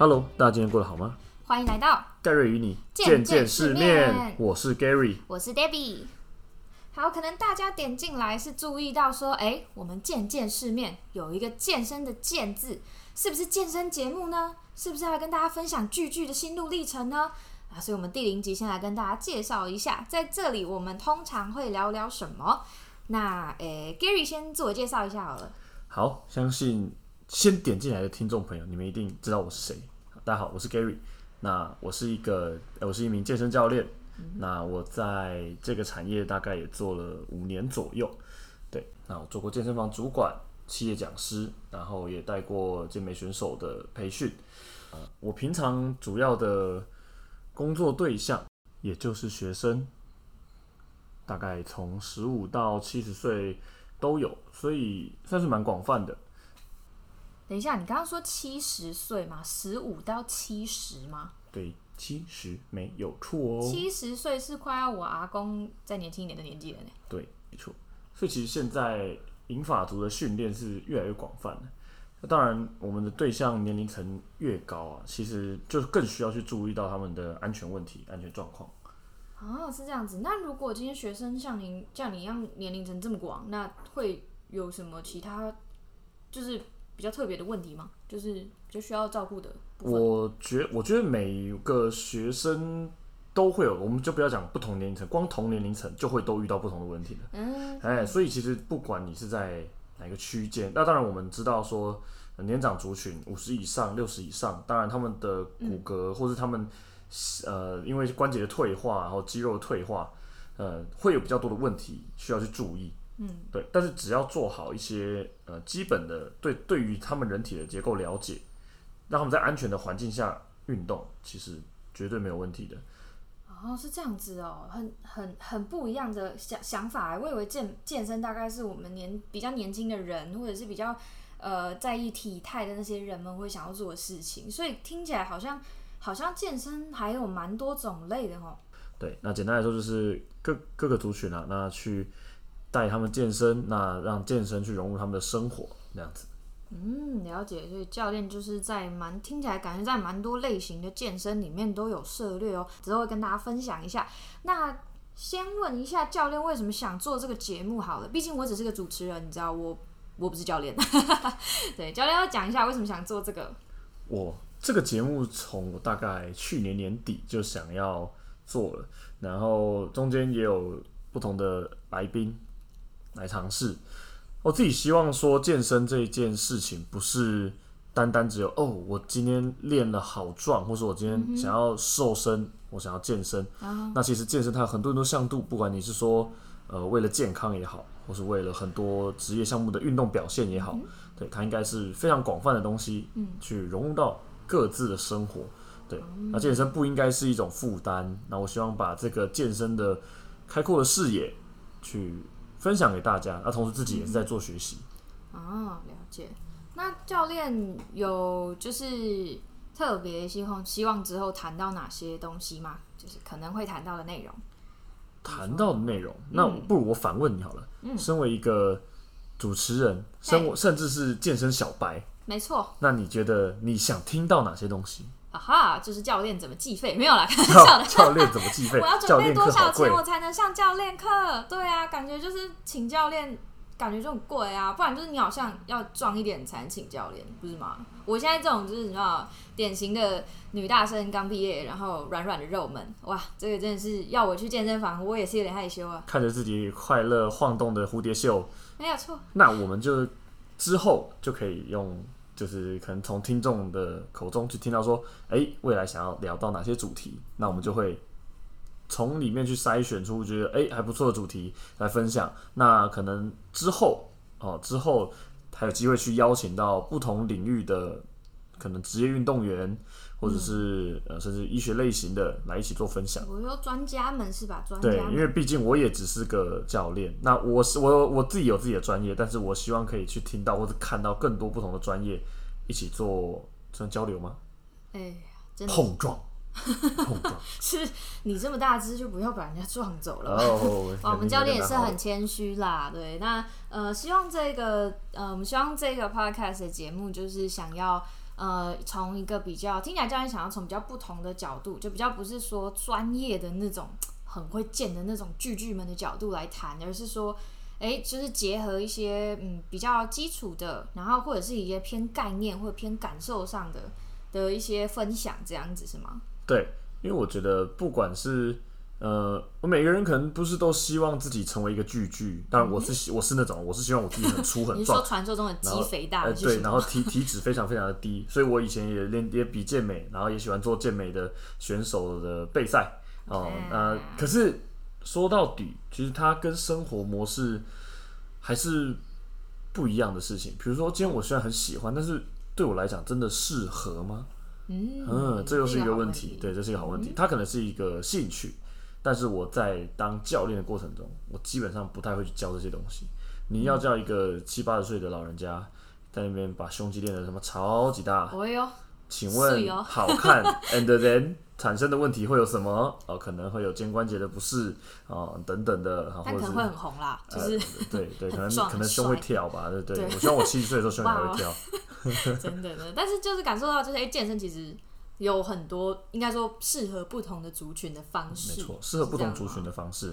Hello，大家今天過得好嗎？歡迎來到蓋瑞與你見見世面。我是 Gary，我是 Debbie。好，可能大家點進來是注意到說，哎，我們見見世面有一個健身的“健”字，是不是健身節目呢？是不是要跟大家分享句句的心路歷程呢？啊，所以我們第零集先來跟大家介紹一下，在這裡我們通常會聊聊什麼？那，哎，Gary 先自我介紹一下好了。好，相信。先點進來的聽眾朋友，你們一定知道我是誰。大家好，我是 Gary。那我是一個，我是一名健身教練。那我在這個產業大概也做了五年左右。對，那我做過健身房主管、企業講師，然後也帶過健美選手的培訓。我平常主要的工作對象也就是學生，大概從十五到七十歲都有，所以算是蠻廣泛的。等一下，你剛剛說七十歲嘛？十五到七十嗎？對，七十沒有錯哦。七十歲是快要我阿公再年輕一點的年紀了呢。對，沒錯。所以其實現在銀髮族的訓練是越來越廣泛了。當然，我們的對象年齡層越高啊，其實就更需要去注意到他們的安全問題、安全狀況。啊，是這樣子。那如果今天學生像您像你一樣年齡層這麼廣，那會有什麼其他就是？比較特別的問題嗎？就是就需要照顧的。我覺，我覺得每個學生都會有，我們就不要講不同年齡層，光同年齡層就會都遇到不同的問題了。嗯，哎，所以其實不管你是在哪個區間，那當然我們知道說年長族群五十以上、六十以上，當然他們的骨骼，嗯，或是他們呃因為關節的退化，然後肌肉的退化，呃，會有比較多的問題需要去注意。嗯，對，但是只要做好一些呃基本的對、對於他們人體的結構了解，讓他們在安全的環境下運動，其實絕對沒有問題的。哦，是這樣子哦，很很很不一樣的想、想法耶，我以為健、健身大概是我們年比較年輕的人或者是比較呃在意體態的那些人們會想要做的事情，所以聽起來好像好像健身還有蠻多種類的哦。對，那簡單來說就是各、各個族群啊，那去。帶他們健身，那讓健身去融入他們的生活那樣子。嗯，了解。所以教練就是在蠻聽起來感覺在蠻多類型的健身裡面都有涉獵哦，之後會跟大家分享一下。那先問一下教練，為什麼想做這個節目？好了，畢竟我只是個主持人，你知道我我不是教練。 對，教練要講一下為什麼想做這個。我這個節目從我大概去年年底就想要做了，然後中間也有不同的來賓。來嘗試，我自己希望說健身這一件事情不是單單只有哦，我今天練了好壯，或是我今天想要瘦身。嗯、我想要健身、啊。那其實健身它有很多很多向度，不管你是說呃為了健康也好，或是為了很多職業項目的運動表現也好，嗯、對它應該是非常廣泛的東西、嗯、去融入到各自的生活。對、嗯，那健身不應該是一種負擔。那我希望把這個健身的開闊的視野去。分享給大家，那，啊，同時自己也是在做學習，嗯，啊。了解。那教練有就是特別希望，希望之後談到哪些東西嗎？就是可能會談到的內容。談到的內容？嗯，那不如我反問你好了。嗯，身為一個主持人，生，嗯，活甚至是健身小白，沒錯。那你覺得你想聽到哪些東西？啊哈！就是教練怎麼計費？沒有啦，哦、 開玩笑的，教練怎麼計費？ 我要準備多少錢我才能上教練課？對啊，感覺就是請教練，感覺就很貴啊。不然就是你好像要壯一點才能請教練，不是嗎？我現在這種就是你知道，典型的女大生剛畢業，然後軟軟的肉們，哇，這個真的是要我去健身房，我也是有點害羞啊。看着自己快樂晃動的蝴蝶袖，沒有錯。那我們就之後就可以用。就是可能從聽眾的口中去聽到說，欸，未來想要聊到哪些主題，那我們就會從裡面去篩選出覺得欸，還不錯的主題來分享。那可能之後，哦，之後還有機會去邀請到不同領域的可能職業運動員。或者是、嗯、呃，甚至醫學類型的來一起做分享。我說專家們是吧？專家們，對，因為畢竟我也只是個教練，那我是我我自己有自己的專業，但是我希望可以去聽到或者看到更多不同的專業一起做這種交流嗎？哎、欸，真的？碰撞 碰撞， 是你這麼大只就不要把人家撞走了、oh, 我們教練也是很謙虛啦，對，那呃，希望這個呃，我們希望這個 podcast 的節目就是想要。呃，從一個比較聽起來，教練想要從比較不同的角度，就比較不是說專業的那種很會健的那種巨巨們的角度來談，而是說，哎、欸，就是結合一些嗯比較基礎的，然後或者是一些偏概念或者偏感受上的的一些分享，這樣子是嗎？對，因為我覺得不管是。呃，我每個人可能不是都希望自己成為一個巨巨，但我是我是那種我是希望我自己很粗很壯，嗯、 你說傳說中的肌肥大、呃就是？對，然後體體脂非常非常的低，所以我以前也練也比健美，然後也喜歡做健美的選手的備賽、okay。呃，呃，可是說到底，其實它跟生活模式還是不一樣的事情。比如說，今天我雖然很喜歡，嗯、但是對我來講真的適合嗎？嗯、呃、這又是一個問題，那個，好問題。對，這是一個好問題。嗯、它可能是一個興趣。但是我在當教練的過程中，我基本上不太會去教這些東西。嗯、你要教一個七八十歲的老人家，在那邊把胸肌練得什麼超級大？會、哎、哦。請問、哦、好看 ，and then 產生的問題會有什麼？哦、呃，可能會有肩關節的不適啊、呃，等等的。或者很紅啦，呃、就是、就是、對，對對，可能可能胸會跳吧，對對。我希望我七十歲的時候胸才會跳。 真的的對， 但是就是感受到，就是誒、欸，健身其實，有很多應該說適合不同的族群的方式，沒錯，適合不同族群的方式，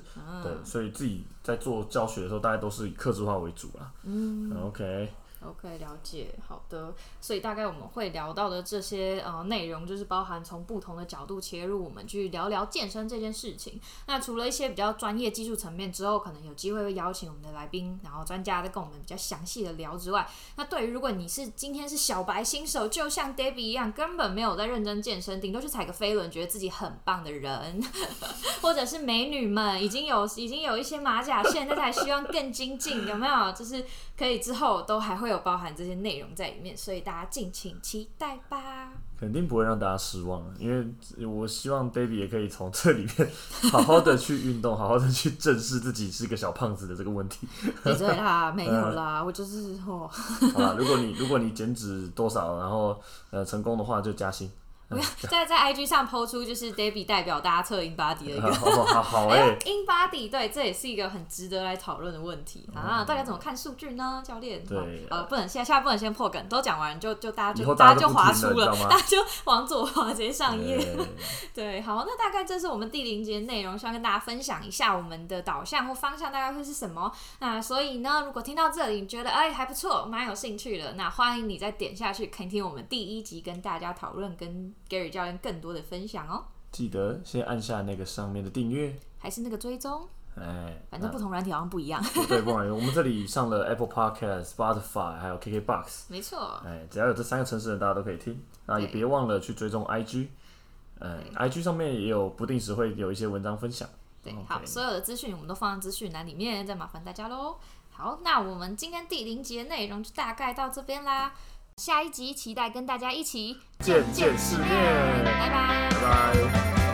對，嗯，所以自己在做教學的時候，大家都是以客制化為主啊。嗯，OK。OK，了解。好的，所以大概我們會聊到的這些呃內容，就是包含從不同的角度切入，我們去聊聊健身這件事情。那除了一些比較專業技術層面之後，可能有機會會邀請我們的來賓，然後專家再跟我們比較詳細的聊之外，那對於如果你是今天是小白新手，就像 Debbie 一樣，根本沒有在認真健身，頂多去踩個飛輪，覺得自己很棒的人， 或者是美女們已經有已經有一些馬甲線，那才希望更精進，有沒有？就是可以之後都還會有。有包含這些內容在裡面，所以大家敬請期待吧。肯定不會讓大家失望，因為我希望 baby 也可以從這裡面好好的去運動， 好好的去正視自己是個小胖子的這個問題。對啦，沒有啦，嗯、我就是哦。 好啦，如果你如果你減脂多少，然後呃成功的話，就加薪。要 在在 IG 上拋出就是 Debbie 代表大家測 Inbody 的一個，還有 Inbody 對，這也是一個很值得來討論的問題啊！大家怎麼看數據呢？教練、mm -hmm. 好，呃，不能現在現在不能先破梗，都講完就就大家就大家就劃出了，了，大家就往左滑，直接上頁。Hey. 對，好，那大概這是我們第零節的內容，希望跟大家分享一下我們的導向或方向大概會是什麼。那所以呢，如果聽到這裡你覺得哎、欸、還不錯，蠻有興趣的，那歡迎你再點下去，可以聽我們第一集跟大家討論跟。Gary 教練更多的分享哦，記得先按下那個上面的訂閱，還是那個追蹤？哎，反正不同軟體好像不一樣。對，不好意思。 我們這裡上了 Apple Podcast、Spotify 還有 KKBox。沒錯。哎，只要有這三個程式的大家都可以聽。啊，也別忘了去追蹤 IG。嗯、IG 上面也有不定時會有一些文章分享。對，okay、好，所有的資訊我們都放在資訊欄裡面，再麻煩大家嘍。好，那我們今天第零集的內容就大概到這邊啦，下一集期待跟大家一起。見見世面，拜拜，拜拜，拜。